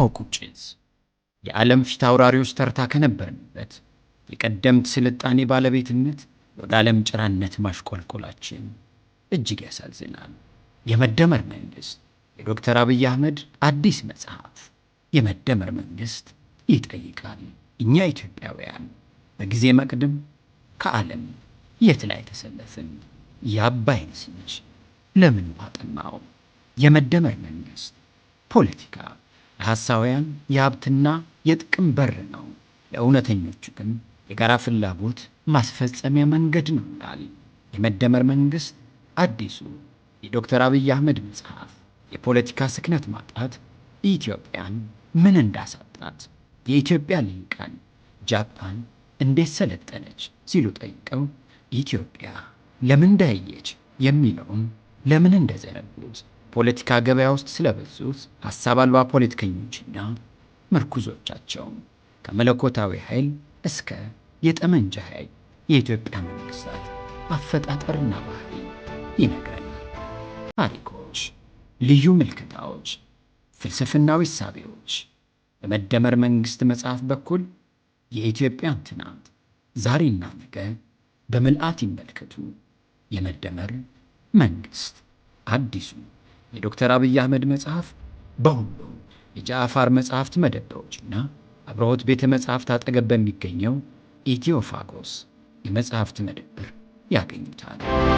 ማወቁ ጭስ የዓለም ፊት አውራሪዎች ተርታ ከነበርንበት የቀደምት ስልጣኔ ባለቤትነት ወደ ዓለም ጭራነት ማሽቆልቆላችን እጅግ ያሳዝናል። የመደመር መንግሥት የዶክተር አብይ አህመድ አዲስ መጽሐፍ የመደመር መንግሥት ይጠይቃል። እኛ ኢትዮጵያውያን በጊዜ መቅድም ከዓለም የት ላይ ተሰለፍን? የአባይን ስንች ለምን ባጠናው? የመደመር መንግሥት ፖለቲካ ለሐሳውያን የሀብትና የጥቅም በር ነው፣ ለእውነተኞቹ ግን የጋራ ፍላጎት ማስፈጸሚያ መንገድ ነው ይላል የመደመር መንግሥት አዲሱ የዶክተር አብይ አህመድ መጽሐፍ። የፖለቲካ ስክነት ማጣት ኢትዮጵያን ምን እንዳሳጣት የኢትዮጵያ ልሂቃን ጃፓን እንዴት ሰለጠነች ሲሉ ጠይቀው ኢትዮጵያ ለምን ዳየች የሚለውም ለምን እንደዘነጉት ፖለቲካ ገበያ ውስጥ ስለበዙት ሀሳብ አልባ ፖለቲከኞችና ምርኩዞቻቸው ከመለኮታዊ ኃይል እስከ የጠመንጃ ኃይል የኢትዮጵያ መንግስታት አፈጣጠርና ባህሪ ይነግረናል። ታሪኮች፣ ልዩ ምልክታዎች፣ ፍልስፍናዊ ሳቢዎች በመደመር መንግስት መጽሐፍ በኩል የኢትዮጵያን ትናንት ዛሬና ነገ በምልአት ይመልከቱ። የመደመር መንግስት አዲሱ የዶክተር አብይ አህመድ መጽሐፍ በሁሉ የጃፋር መጽሐፍት መደብሮችና አብረሆት ቤተ መጽሐፍት አጠገብ በሚገኘው ኢትዮፋጎስ የመጽሐፍት መደብር ያገኙታል።